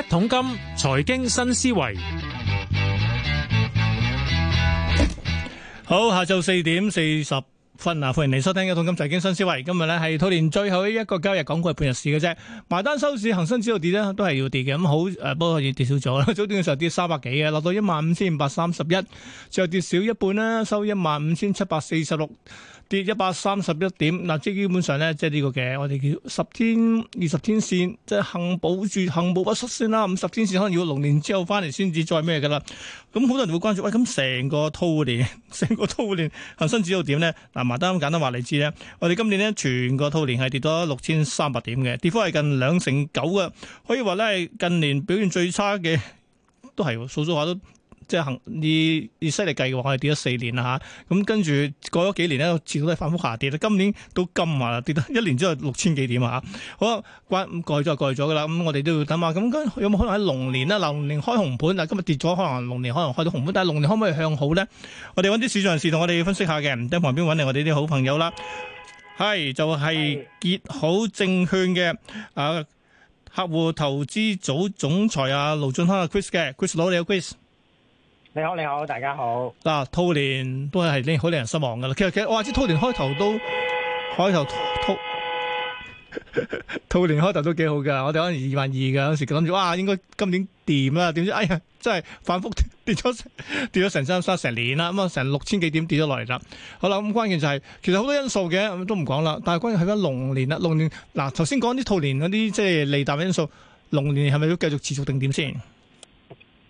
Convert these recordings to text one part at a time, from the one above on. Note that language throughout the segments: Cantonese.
一桶金財經新思維，好，下晝四點四十分啊！歡迎你收聽一桶金財經新思維。今日咧係兔年最後一個交易港股係半日市嘅啫，埋單收市，恒生指數跌啦，都係要跌嘅。咁、嗯、好，誒、呃，不過要跌少咗啦。早段嘅時候跌三百幾嘅，落到一萬五千五百三十一，最後跌少一半啦，收一萬五千七百四十六。跌一百三十一點，嗱，即係基本上咧，即係呢個嘅，我哋叫十天、二十天線，即、就、係、是、幸保住、幸保不失先啦、啊。五十天線可能要六年之後翻嚟先至再咩嘅啦。咁好多人都會關注，喂、哎，咁成個兔年、成個兔年恒生指數點咧？嗱，埋單咁簡單話你知咧，我哋今年咧全個兔年係跌咗六千三百點嘅，跌幅係近兩成九嘅，可以話咧係近年表現最差嘅，都係喎，數數話都。即係呢以犀利計嘅話，我哋跌咗四年啦吓，咁、啊、跟住過咗幾年咧，始終都係反覆下跌啦。今年都咁話啦跌得一年之後六千幾點啊吓，好關過咗就過咗噶啦。咁、嗯、我哋都要等下，咁、嗯、有冇可能喺龍年咧？龍年開紅盤，但今日跌咗，可能龍年可能開到紅盤，但係龍年可唔可以向好咧？我哋揾啲市場人士同我哋分析下嘅。唔喺旁邊揾嚟，我哋啲好朋友啦，係、啊、就係結好證券嘅啊，客戶投資組總裁啊，盧駿匡啊，Chris 嘅 Chris，攞你啊，Chris。你好，你好，大家好。嗱、啊，兔年都係咧，好令人失望噶啦。其實其實我話知兔年開頭都開頭兔兔 年開頭都幾好噶。我哋可能二萬二噶，嗰時諗住哇，應該今年掂啦，啊。點知哎呀，真係反覆跌咗跌咗成三三成年啦。咁啊，成六千幾點跌咗落嚟啦。好啦，咁關鍵就係、是，其實好多因素嘅，都唔講啦。但係關鍵係而家龍年啦，龍年嗱，頭先講啲兔年嗰啲即係利淡因素，龍年係咪都繼續持續定點先？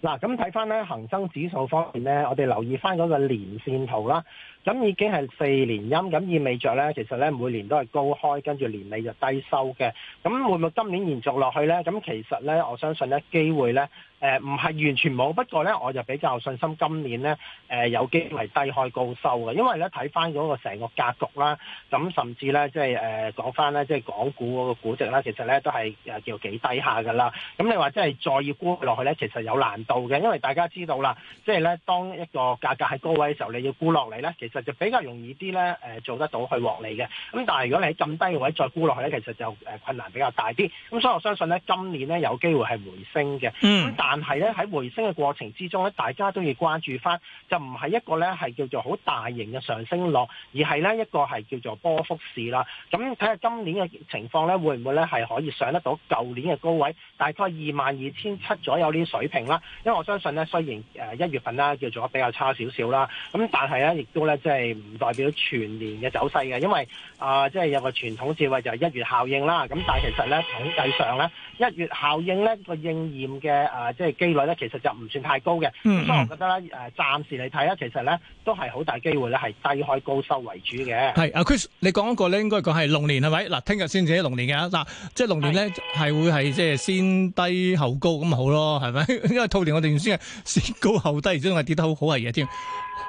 嗱，咁睇翻咧恒生指數方面咧，我哋留意翻嗰個年線圖啦。咁已經係四年陰，咁意味着咧，其實咧每年都係高開，跟住年尾就低收嘅。咁會唔會今年延續落去咧？咁其實咧，我相信咧機會咧，誒唔係完全冇，不過咧我就比較有信心今年咧誒、呃、有機會低開高收嘅，因為咧睇翻嗰個成個格局啦，咁甚至咧即係誒講翻咧即係港股嗰個估值啦，其實咧都係誒叫幾低下㗎啦。咁你話即係再要沽落去咧，其實有難度嘅，因為大家知道啦，即係咧當一個價格喺高位嘅時候，你要沽落嚟咧，其實就比較容易啲咧，誒做得到去獲利嘅。咁但係如果你喺咁低嘅位再沽落去咧，其實就誒困難比較大啲。咁、嗯、所以我相信咧，今年咧有機會係回升嘅。咁但係咧喺回升嘅過程之中咧，大家都要關注翻，就唔係一個咧係叫做好大型嘅上升浪，而係咧一個係叫做波幅市啦。咁睇下今年嘅情況咧，會唔會咧係可以上得到舊年嘅高位，大概二萬二千七左右呢啲水平啦。因為我相信咧，雖然誒一月份咧叫做比較差少少啦，咁但係咧亦都咧。即係唔代表全年嘅走勢嘅，因為啊，即係有個傳統智慧就係一月效應啦。咁但係其實咧統計上咧，一月效應咧個應驗嘅啊，即係幾率咧，其實就唔算太高嘅。咁所以我覺得咧，誒暫時嚟睇咧，其實咧都係好大機會咧係低開高收為主嘅。係啊，Chris，你講一個咧應該講係龍年係咪？嗱，聽日先至係龍年嘅，嗱，即係龍年咧係會係即係先低後高咁好咯，係咪？因為兔年我哋原先係先高後低，而家仲係跌得好好危嘅添。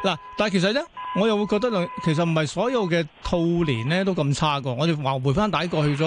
嗱，但係其實咧。我又會覺得，其實唔係所有嘅兔年咧都咁差嘅。我哋話回翻大過去咗，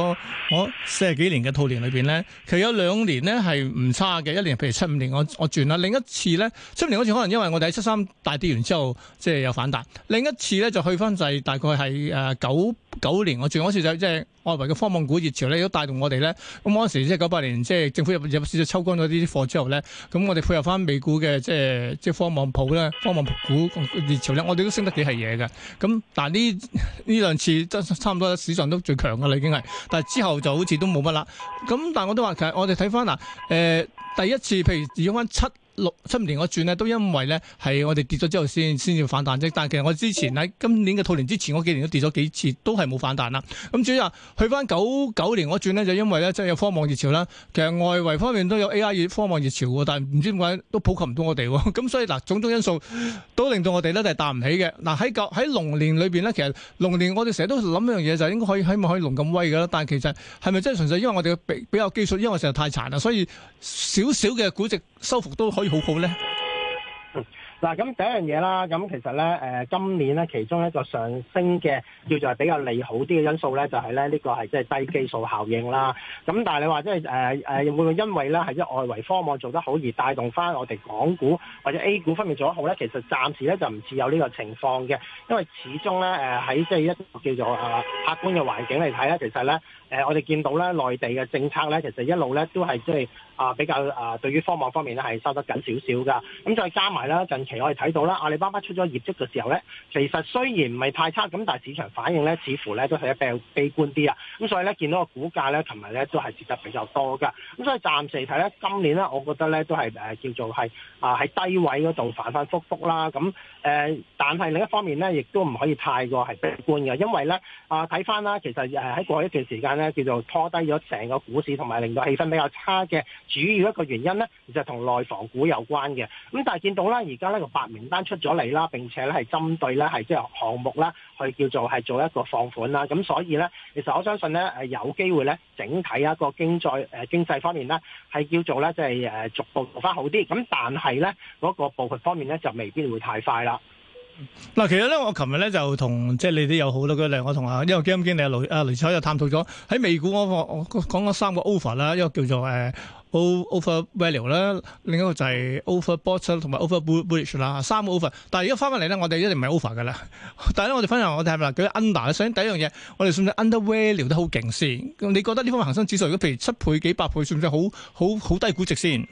我、哦、四十幾年嘅兔年裏邊咧，其實有兩年咧係唔差嘅。一年譬如七五年，我我轉啦。另一次咧，七五年嗰次可能因為我哋喺七三大跌完之後，即、就、係、是、有反彈。另一次咧就去翻就係大概係誒、呃、九。九年，我最開始就即係外圍嘅科網股熱潮咧，亦都帶動我哋咧。咁嗰陣時即係九八年，即係政府入入市就抽乾咗呢啲貨之後咧，咁我哋配合翻美股嘅即係即係科網譜咧，科網股熱潮咧，我哋都升得幾係嘢嘅。咁但係呢呢兩次真係差唔多史上都最強噶啦，已經係。但係之後就好似都冇乜啦。咁但係我都話其實我哋睇翻嗱，誒、呃、第一次譬如用翻七。六七年我轉呢，都因為呢，係我哋跌咗之後先，先至反彈，即但係其實我之前喺今年嘅兔年之前嗰幾年都跌咗幾次，都係冇反彈啦。咁至主要去翻九九年我轉呢，就因為呢，即、就、係、是、有科網熱潮啦。其實外圍方面都有 A I 科網熱潮，但係唔知點解都普及唔到我哋。咁、嗯、所以嗱，種種因素都令到我哋呢，就係彈唔起嘅。嗱喺舊喺龍年裏邊呢，其實龍年我哋成日都諗一樣嘢，就係應該可以起碼可以龍咁威嘅啦。但係其實係咪真係純粹因為我哋比比較基礎，因為我成日太殘啦，所以少少嘅估值收復都可。好好咧，嗱，咁第一樣嘢啦，咁其實咧，誒、呃，今年咧，其中一個上升嘅，叫做係比較利好啲嘅因素咧，就係、是、咧，呢、這個係即係低基數效應啦。咁但係你話即係誒誒，會唔會因為咧係一外圍方案做得好而帶動翻我哋港股或者 A 股分別做得好咧？其實暫時咧就唔似有呢個情況嘅，因為始終咧，誒、呃，喺即係一個叫做誒客觀嘅環境嚟睇咧，其實咧。誒、呃，我哋見到咧，內地嘅政策咧，其實一路咧都係即係啊，比較啊、呃，對於科網方面咧係收得緊少少噶。咁再加埋咧，近期我哋睇到咧，阿里巴巴出咗業績嘅時候咧，其實雖然唔係太差，咁但係市場反應咧，似乎咧都係比較悲觀啲啊。咁所以咧，見到個股價咧，琴日咧都係跌得比較多噶。咁所以暫時睇咧，今年咧，我覺得咧都係誒、呃、叫做係啊，喺、呃、低位嗰度反反覆覆啦。咁誒、呃，但係另一方面咧，亦都唔可以太過係悲觀嘅，因為咧啊，睇翻啦，其實誒喺過去一段時間咧，咧叫做拖低咗成個股市，同埋令到氣氛比較差嘅主要一個原因咧，其實同內房股有關嘅。咁但係見到咧，而家咧個白名單出咗嚟啦，並且咧係針對咧係即係項目啦，去叫做係做一個放款啦。咁所以咧，其實我相信咧係有機會咧，整體一個經濟誒、呃、經濟方面咧係叫做咧即係誒逐步翻好啲。咁但係咧嗰個步伐方面咧就未必會太快啦。嗱，其實咧，我琴日咧就同即係你啲有好多嗰啲，我同阿因為基金經理啊，啊雷阿雷楚又探討咗喺美股，我我講咗三個 over 啦，一個叫做誒、呃、over value 啦，另一個就係 over bought 啦，同埋 over bullish 啦，三個 over。但係而家翻翻嚟咧，我哋一定唔係 over 噶啦。但係咧，我哋分享我哋睇啦，佢 under 首先第一樣嘢，我哋算唔算 under value 都好勁先？你覺得呢方面恒生指數如果譬如七倍、幾百倍，算唔算好好好低估值先？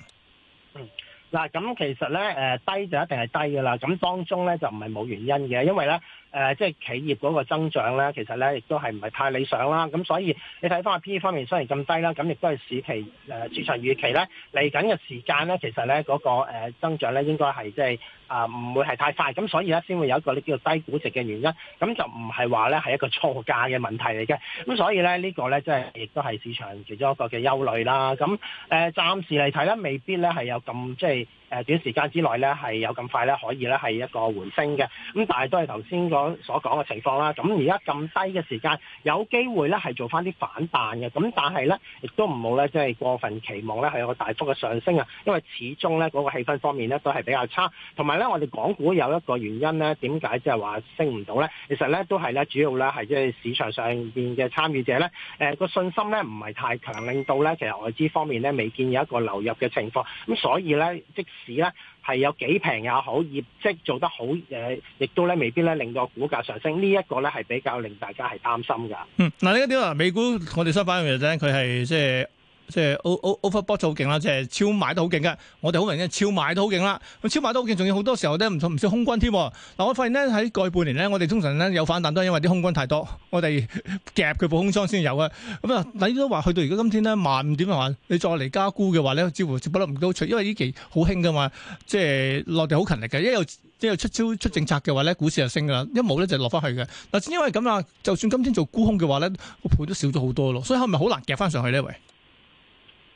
嗱，咁其實咧，誒、呃、低就一定係低嘅啦。咁當中咧就唔係冇原因嘅，因為咧，誒、呃、即係企業嗰個增長咧，其實咧亦都係唔係太理想啦。咁所以你睇翻個 P 方面，雖然咁低啦，咁亦都係市期誒市場預期咧嚟緊嘅時間咧，其實咧嗰、那個、呃、增長咧應該係即係。啊，唔、呃、會係太快，咁所以咧先會有一個你叫低估值嘅原因，咁就唔係話咧係一個錯價嘅問題嚟嘅，咁所以咧呢、這個咧即係亦都係市場其中一個嘅憂慮啦，咁誒暫時嚟睇咧未必咧係有咁即係。誒短時間之內呢，係有咁快呢可以呢係一個回升嘅，咁但係都係頭先所所講嘅情況啦。咁而家咁低嘅時間有機會呢係做翻啲反彈嘅，咁但係呢，亦都唔好呢，即係過分期望呢，係有個大幅嘅上升啊，因為始終呢，嗰、那個氣氛方面呢，都係比較差，同埋呢，我哋港股有一個原因呢，點解即係話升唔到呢？其實呢，都係呢，主要呢係即係市場上邊嘅參與者呢，誒、呃、個信心呢唔係太強，令到呢，其實外資方面呢，未見有一個流入嘅情況，咁所以呢。即。市咧係有幾平也好，業績做得好，誒、呃，亦都咧未必咧令到股價上升。呢、這、一個咧係比較令大家係擔心㗎。嗯，嗱呢一點啊，美股我哋收返嘅就係咧，佢係即係。即係 overbought 好勁啦，即係超買都好勁嘅。我哋好明顯超買都好勁啦。超買都好勁，仲要好多時候咧唔唔少空軍添嗱。但我發現呢，喺過去半年呢，我哋通常咧有反彈都係因為啲空軍太多，我哋夾佢補空倉先有嘅。咁啊，睇都話去到而家今天咧萬五點嘅話，你再嚟加沽嘅話呢，似乎就不嬲唔多出，因為呢期好興噶嘛，即係落地好勤力嘅。一有一有出招出政策嘅話呢，股市就升噶啦。一冇呢就落翻去嘅嗱。因為咁啊，就算今天做沽空嘅話呢，個盤都少咗好多咯，所以係咪好難夾翻上去呢？喂。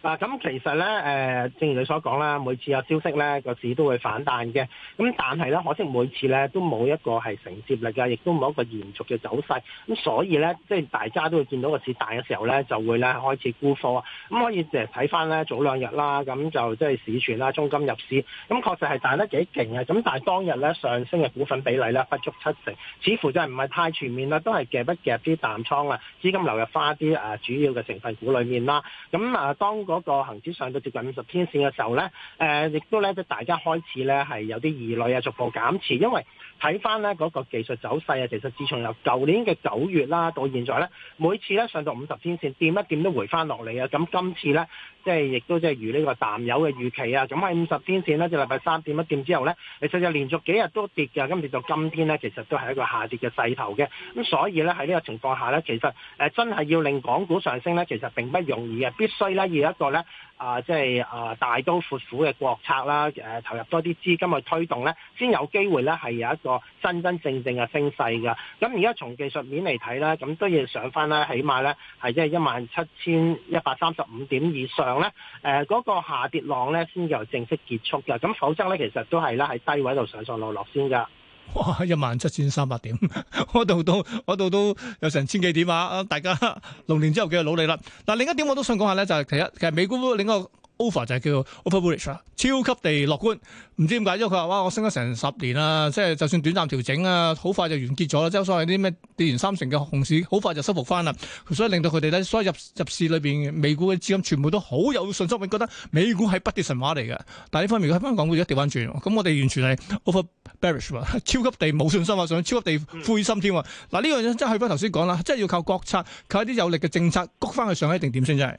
嗱咁其實咧，誒正如你所講啦，每次有消息咧，個市都會反彈嘅。咁但係咧，可惜每次咧都冇一個係承接力嘅，亦都冇一個延續嘅走勢。咁所以咧，即係大家都會見到個市大嘅時候咧，就會咧開始沽貨。咁可以誒睇翻咧早兩日啦，咁就即係市傳啦，中金入市，咁確實係彈得幾勁嘅。咁但係當日咧上升嘅股份比例咧不足七成，似乎真係唔係太全面啦，都係夾不夾啲淡倉啊？資金流入花啲誒主要嘅成分股裡面啦。咁啊，當嗰嗰個恒指上到接近五十天線嘅時候咧，誒、呃，亦都咧，即大家開始咧係有啲疑慮啊，逐步減持，因為。睇翻呢嗰個技術走勢啊，其實自從由舊年嘅九月啦到現在呢，每次呢上到五十天線掂一掂都回翻落嚟啊。咁今次呢，即係亦都即係如呢個淡友嘅預期啊。咁喺五十天線呢，就禮拜三掂一掂之後呢，其實就連續幾日都跌嘅。今次到今天呢，其實都係一個下跌嘅勢頭嘅。咁所以呢，喺呢個情況下呢，其實誒真係要令港股上升呢，其實並不容易啊。必須呢，要一個呢。啊、呃，即係啊、呃，大刀闊斧嘅國策啦，誒、呃，投入多啲資金去推動咧，先有機會咧係有一個真真正正嘅升勢㗎。咁而家從技術面嚟睇咧，咁都要上返咧，起碼咧係即係一萬七千一百三十五點以上咧，誒、呃、嗰、那個下跌浪咧先至正式結束嘅。咁否則咧，其實都係咧喺低位度上上落落先噶。哇！一萬七千三百點， 我度都度都有成千幾點啊！大家六年之後嘅努力啦。嗱，另一點我都想講下咧，就係其實，其實美股另一個。over 就係叫 over bullish 啦，超級地樂觀，唔知點解，因為佢話哇，我升咗成十年啦，啊，即係就算短暫調整啊，好快就完結咗啦，即係所謂啲咩跌完三成嘅熊市，好快就收復翻啦，所以令到佢哋咧，所以入入市裏邊美股嘅資金全部都好有信心，覺得美股係不跌神話嚟嘅。但係呢方面，喺香港而一調翻轉，咁我哋完全係 over bearish 啊，超級地冇信心啊，想超級地灰心添。嗱，呢樣嘢真去我頭先講啦，即係要靠國策，靠一啲有力嘅政策，谷翻去上喺一定點先，真係。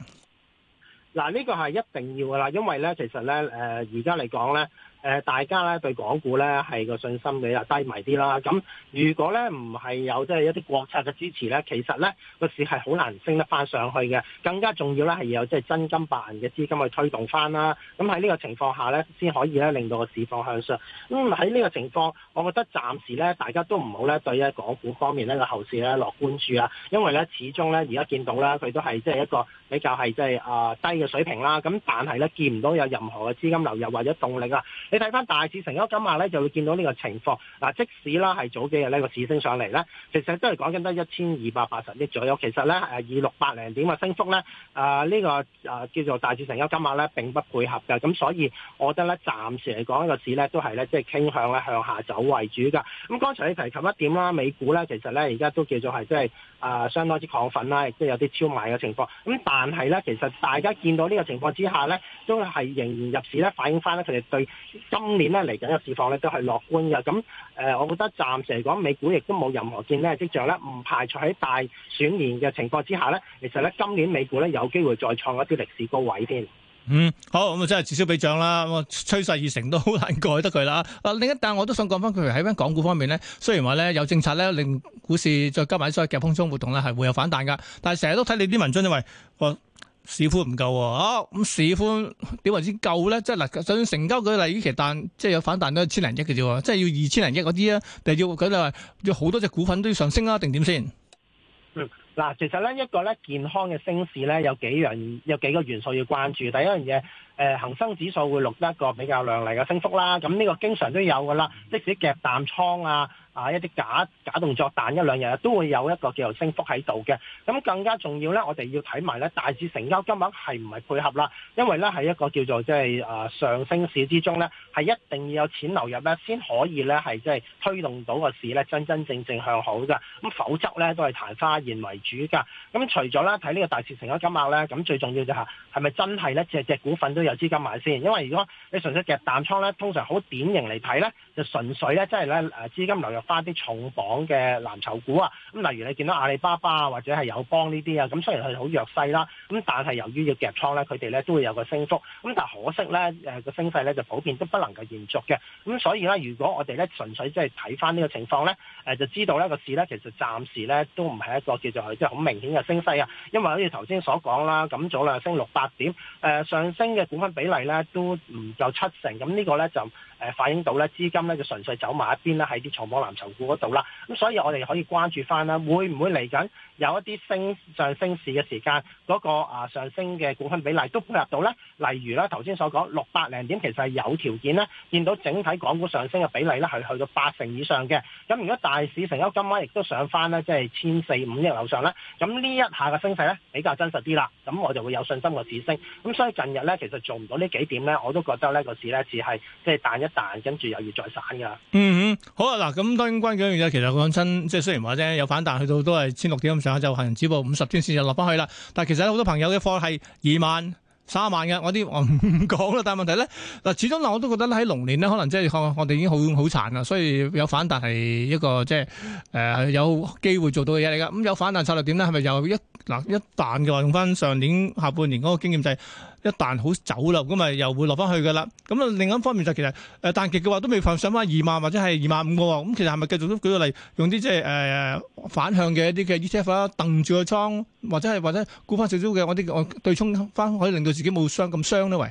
嗱，呢個係一定要噶啦，因為咧，其實咧，誒、呃，而家嚟講咧。誒，大家咧對港股咧係個信心比較低迷啲啦。咁如果咧唔係有即係一啲國策嘅支持咧，其實咧個市係好難升得翻上去嘅。更加重要咧係有即係真金白銀嘅資金去推動翻啦。咁喺呢個情況下咧，先可以咧令到個市況向上。咁喺呢個情況，我覺得暫時咧大家都唔好咧對咧港股方面咧個後市咧樂觀啲啦。因為咧始終咧而家見到啦，佢都係即係一個比較係即係啊低嘅水平啦。咁但係咧見唔到有任何嘅資金流入或者動力啊。你睇翻大市成交金額咧，就會見到呢個情況。嗱，即使啦係早幾日呢個市升上嚟咧，其實都係講緊得一千二百八十億左右。其實咧，誒以六百零點嘅升幅咧，誒、呃、呢、這個誒、呃、叫做大市成交金額咧並不配合嘅。咁所以，我覺得咧暫時嚟講，呢個市咧都係咧即係傾向咧向下走為主嘅。咁剛才你提及一點啦，美股咧其實咧而家都叫做係即係誒相當之亢奮啦，亦即係有啲超買嘅情況。咁但係咧，其實大家見到呢個情況之下咧，都係仍然入市咧反映翻咧佢哋對。今年咧嚟緊嘅市況咧都係樂觀嘅，咁誒、呃，我覺得暫時嚟講，美股亦都冇任何見底嘅跡象咧，唔排除喺大選年嘅情況之下咧，其實咧今年美股咧有機會再創一啲歷史高位添。嗯，好，咁啊真係至少俾漲啦，趨勢已成都好難改得佢啦。啊，另一但我都想講翻，佢喺緊港股方面咧，雖然話咧有政策咧令股市再加埋所謂嘅空中活動咧係會有反彈㗎，但係成日都睇你啲文章，因為市寬唔夠喎、啊，咁市寬點為之夠咧？即係嗱，就算成交舉例其實但即係有反彈都千零一嘅啫，即係要二千零一嗰啲第就要咁就要好多隻股份都要上升啦、啊，定點先？嗯，嗱，其實咧一個咧健康嘅升市咧有幾樣有幾個元素要關注。第一樣嘢，誒、呃、恒生指數會錄得一個比較靚麗嘅升幅啦。咁、這、呢個經常都有噶啦，即使夾淡倉啊。啊！一啲假假動作彈一兩日，都會有一個叫做升幅喺度嘅。咁更加重要呢，我哋要睇埋呢大市成交金額係唔係配合啦？因為呢喺一個叫做即係啊上升市之中呢，係一定要有錢流入呢先可以呢係即係推動到個市呢真真正正向好㗎。咁否則呢都係曇花一現為主㗎。咁除咗呢睇呢個大市成交金額呢，咁最重要就係係咪真係呢隻隻股份都有資金買先？因為如果你純粹日彈倉呢，通常好典型嚟睇呢。就純粹咧，即係咧誒，資金流入翻啲重磅嘅藍籌股啊，咁例如你見到阿里巴巴啊，或者係友邦呢啲啊，咁雖然係好弱勢啦、啊，咁但係由於要夾倉咧，佢哋咧都會有個升幅，咁但係可惜咧誒個升勢咧就普遍都不能夠延續嘅，咁所以咧，如果我哋咧純粹即係睇翻呢個情況咧，誒、呃、就知道呢個市咧其實暫時咧都唔係一個叫做即係好明顯嘅升勢啊，因為好似頭先所講啦，咁早兩日升六八點，誒、呃、上升嘅股份比例咧都唔夠七成，咁呢個咧就，呢誒反映到咧，資金咧就純粹走埋一邊啦，喺啲藏波藍籌股嗰度啦，咁、嗯、所以我哋可以關注翻啦，會唔會嚟緊 有一啲升上升市嘅時間，嗰、那個啊上升嘅股份比例都配合到咧。例如咧，頭先所講六百零點其實係有條件咧，見到整體港股上升嘅比例咧係去到八成以上嘅。咁如果大市成交金額亦都上翻咧，即係千四五億樓上咧，咁呢一下嘅升勢咧比較真實啲啦。咁我就會有信心個市升。咁所以近日咧，其實做唔到呢幾點咧，我都覺得呢個市咧只係即係彈一彈，跟住又要再散噶。嗯嗯，好啊嗱。咁當然關於呢樣嘢，其實講真，即係雖然話啫，有反彈去到都係千六點就恒指報五十天線就落翻去啦，但係其實好多朋友嘅貨係二萬、三萬嘅，我哋唔講啦。但係問題咧，嗱始終嗱，我都覺得喺龍年咧，可能即係我哋已經好好殘啦，所以有反彈係一個即係誒有機會做到嘅嘢嚟噶。咁、嗯、有反彈策略點咧？係咪又一嗱一彈嘅話，用翻上年下半年嗰個經驗就係。一旦好走啦，咁咪又會落翻去噶啦。咁啊，另一方面就其實誒，彈極嘅話都未上翻二萬或者係二萬五嘅。咁其實係咪繼續都舉個例，用啲即係誒反向嘅一啲嘅 ETF 啊，掟住個倉，或者係或者沽翻少少嘅，我啲我對沖翻，可以令到自己冇傷咁傷咧？喂，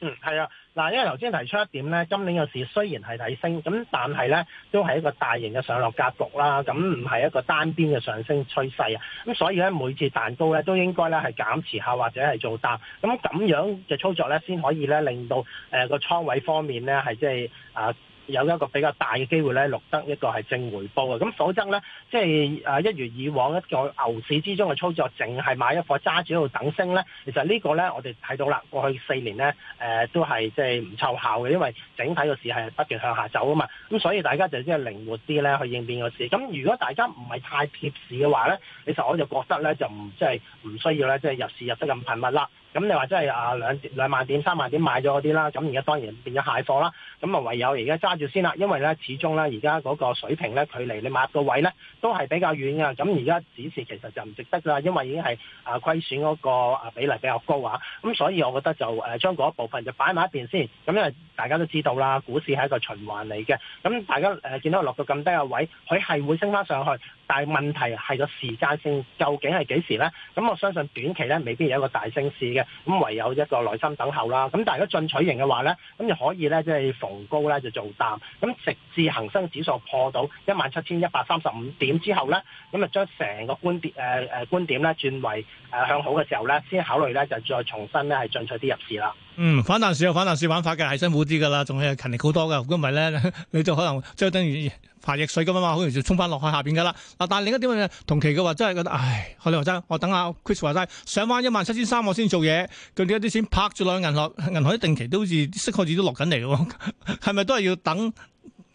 嗯，係啊。嗱，因為頭先提出一點咧，今年個市雖然係睇升，咁但係咧都係一個大型嘅上落格局啦，咁唔係一個單邊嘅上升趨勢啊，咁所以咧每次彈高咧都應該咧係減持下或者係做淡，咁咁樣嘅操作咧先可以咧令到誒個，呃，倉位方面咧係即係啊。是就是呃有一個比較大嘅機會咧，錄得一個係正回報嘅，咁否則呢，即係啊一如以往一個牛市之中嘅操作，淨係買一顆揸住喺度等升呢，其實呢個呢，我哋睇到啦，過去四年呢誒、呃、都係即係唔湊效嘅，因為整體個市係不斷向下走啊嘛，咁所以大家就即係靈活啲呢去應變個市。咁如果大家唔係太貼市嘅話呢，其實我就覺得呢，就唔即係唔需要呢，即係入市入得咁頻密啦。咁你話真係啊兩兩萬點三萬點買咗嗰啲啦，咁而家當然變咗蟹貨啦。咁啊唯有而家揸住先啦，因為咧始終咧而家嗰個水平咧距離你買個位咧都係比較遠嘅。咁而家止蝕其實就唔值得啦，因為已經係啊虧損嗰個啊比例比較高啊。咁所以我覺得就誒將嗰一部分就擺埋一邊先。咁因為大家都知道啦，股市係一個循環嚟嘅。咁大家誒見到落到咁低嘅位，佢係會升返上去。但係問題係個時間性，究竟係幾時呢？咁我相信短期咧未必有一個大升市嘅，咁唯有一個耐心等候啦。咁但係如果進取型嘅話呢，咁就可以呢，即係逢高呢就做淡，咁直至恆生指數破到一萬七千一百三十五點之後呢，咁就將成個觀點誒誒、呃、觀點咧轉為誒向好嘅時候呢，先考慮呢，就再重新呢係進取啲入市啦。嗯，反彈市有反彈市玩法嘅，係辛苦啲噶啦，仲係勤力好多噶。如果唔係咧， 你就可能即係等於扒逆水咁啊嘛，好容易就沖翻落去下邊噶啦。嗱，但係另一點咧，同期嘅話真係覺得，唉，海利話齋，我等，等 Chris 17，我下 Chris 話齋，上翻一萬七千三我先做嘢。佢哋一啲錢拍住落銀行，銀行啲定期都好似息開始都落緊嚟嘅，係 咪都係要等，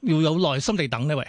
要有耐心地等咧？喂，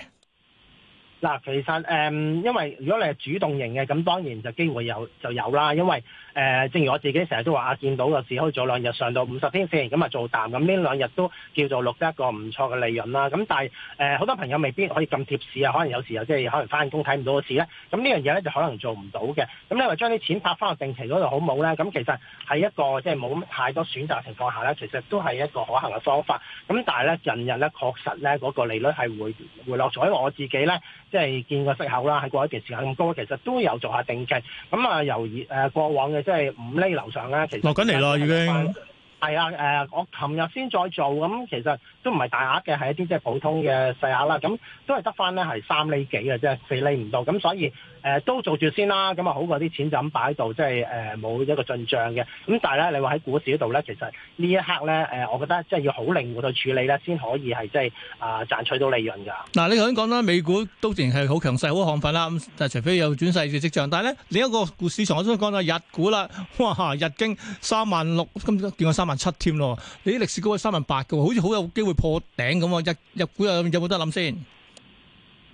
嗱，其實誒、呃，因為如果你係主動型嘅，咁當然就機會有就有啦，因為。誒、呃，正如我自己成日都話啊，見到個市可以咗兩日，上到五十天線咁啊做淡，咁呢兩日都叫做錄得一個唔錯嘅利潤啦。咁但係誒，好、呃、多朋友未必可以咁貼市啊，可能有時候即係可能返工睇唔到個市咧。咁呢樣嘢咧就可能做唔到嘅。咁你話將啲錢拍返去定期嗰度好唔好咧？咁其實係一個即係冇太多選擇情況下咧，其實都係一個可行嘅方法。咁但係咧近日咧確實咧嗰、那個利率係回回落咗，因為我自己咧即係見個息口啦，喺過一段時間咁高，其實都有做下定期。咁啊由誒、呃、過往嘅。即係五厘樓上咧，其實落緊嚟啦，呃、已經係啊！誒、呃，我琴日先再做咁，其實都唔係大額嘅，係一啲即係普通嘅細額啦。咁都係得翻咧，係三厘幾嘅啫，四厘唔到。咁所以。誒、呃、都做住先啦，咁啊好過啲錢就咁擺喺度，即係誒冇一個進帳嘅。咁但係咧，你話喺股市嗰度咧，其實呢一刻咧，誒、呃、我覺得即係要好靈活去處理咧，先可以係即係啊賺取到利潤㗎。嗱、啊，你頭先講啦，美股都仍然係好強勢、好亢奮啦。咁但係除非有轉勢嘅跡象，但係咧另一個股市場我都講到日股啦，哇日經三萬六，今朝見過三萬七添咯。你啲歷史高係三萬八嘅喎，好似好有機會破頂咁喎。日股有有冇得諗先？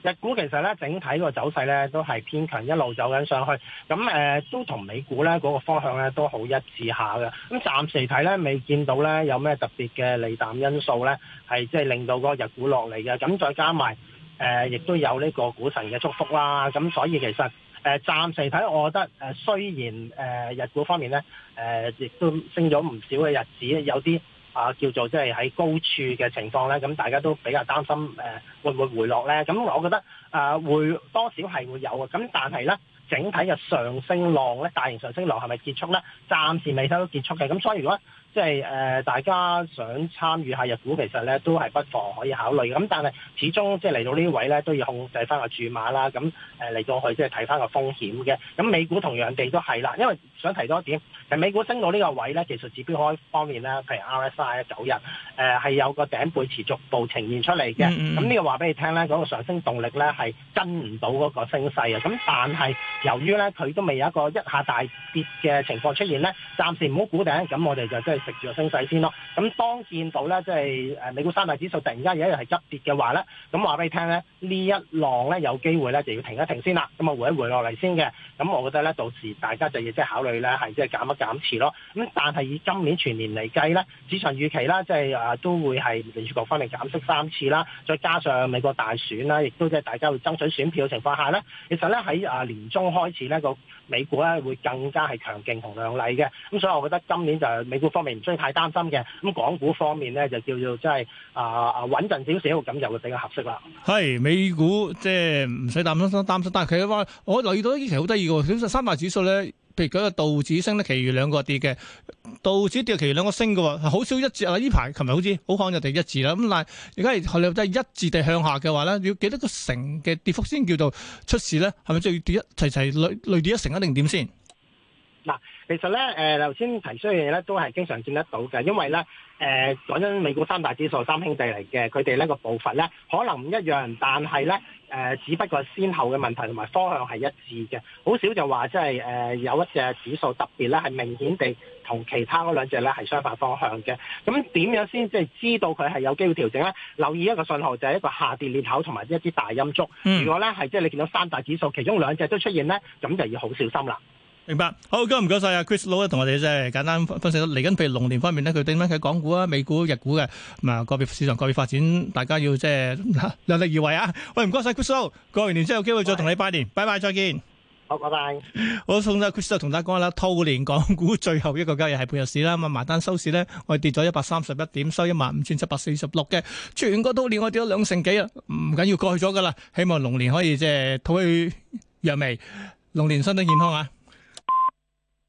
日股其實咧，整體個走勢咧都係偏強，一路走緊上去。咁誒、呃，都同美股咧嗰、那個方向咧都好一致下嘅。咁暫時睇咧，未見到咧有咩特別嘅利淡因素咧，係即係令到個日股落嚟嘅。咁再加埋誒，亦、呃、都有呢個股神嘅祝福啦。咁所以其實誒、呃，暫時睇，我覺得誒，雖然誒、呃、日股方面咧誒，亦、呃、都升咗唔少嘅日子，有啲。啊，叫做即係喺高處嘅情況咧，咁大家都比較擔心，誒、呃、會唔會回落咧？咁我覺得誒、呃、會多少係會有嘅，咁但係咧，整體嘅上升浪咧，大型上升浪係咪結束咧？暫時未睇到結束嘅，咁所以如果即係誒、呃，大家想參與下日股，其實咧都係不妨可以考慮。咁但係始終即係嚟到呢位咧，都要控制翻個注碼啦。咁誒嚟到去即係睇翻個風險嘅。咁美股同樣地都係啦，因為想提多一點，其實美股升到呢個位咧，技術指標方方面咧，譬如 RSI 九日誒係、呃、有個頂背持續部呈現出嚟嘅。咁、mm hmm. 呢個話俾你聽咧，嗰、嗰個上升動力咧係跟唔到嗰個升勢啊。咁但係由於咧佢都未有一個一下大跌嘅情況出現咧，暫時唔好估頂。咁我哋就即係。停住個升勢先咯。咁當見到咧，即係誒美股三大指數突然間有一日係急跌嘅話咧，咁話俾你聽咧，呢一浪咧有機會咧就要停一停先啦，咁啊回一回落嚟先嘅。咁我覺得咧，到時大家就要即係考慮咧，係即係減一減持咯。咁但係以今年全年嚟計咧，市場預期啦，即係誒都會係連續咁分嚟減息三次啦。再加上美國大選啦，亦都即係大家會爭取選票嘅情況下咧，其實咧喺啊年中開始咧個美股咧會更加係強勁同亮麗嘅。咁所以我覺得今年就係美股方面，唔需要太擔心嘅，咁港股方面咧就叫做即係啊啊穩陣少少咁就會比較合適啦。係美股即係唔使擔心擔心，但係佢話我留意到依期好得意嘅喎，三大指數咧，譬如嗰個道指升咧，其餘兩個跌嘅，道指跌，其餘兩個升嘅喎，好少一字啊！依排琴日好似好罕有地一字啦。咁但係而家係真係一字地向下嘅話咧，要幾多個成嘅跌幅先叫做出事咧？係咪要跌一齊齊累累跌一成啊？定點先嗱？其實咧，誒頭先提嗰樣嘢咧，都係經常見得到嘅，因為咧，誒、呃、講緊，美股三大指數三兄弟嚟嘅，佢哋呢個步伐咧可能唔一樣，但係咧，誒、呃、只不過先後嘅問題同埋方向係一致嘅，好少就話即係誒有一隻指數特別咧係明顯地同其他嗰兩隻咧係相反方向嘅。咁點樣先即係知道佢係有機會調整咧？留意一個信號就係一個下跌裂口同埋一支大陰燭。如果咧係即係你見到三大指數其中兩隻都出現咧，咁就要好小心啦。明白，好，今日唔該晒阿 Chris 佬咧同我哋即係簡單分分析到嚟緊，譬如龍年方面咧，佢點樣睇港股啊、美股、日股嘅。咁啊個別市場個別發展，大家要即係量力而為啊。喂，唔該晒 Chris 佬，過完年之後有機會再同你拜年，拜拜，再見。好，拜拜。好，送晒 Chris 佬同大家講下啦，兔年港股最後一個交易係半日市啦，咁啊埋單收市咧，我跌咗一百三十一點，收一萬五千七百四十六嘅。全個兔年我跌咗兩成幾啊，唔緊要，過去咗噶啦。希望龍年可以即係吐氣揚眉，龍年身體健康啊！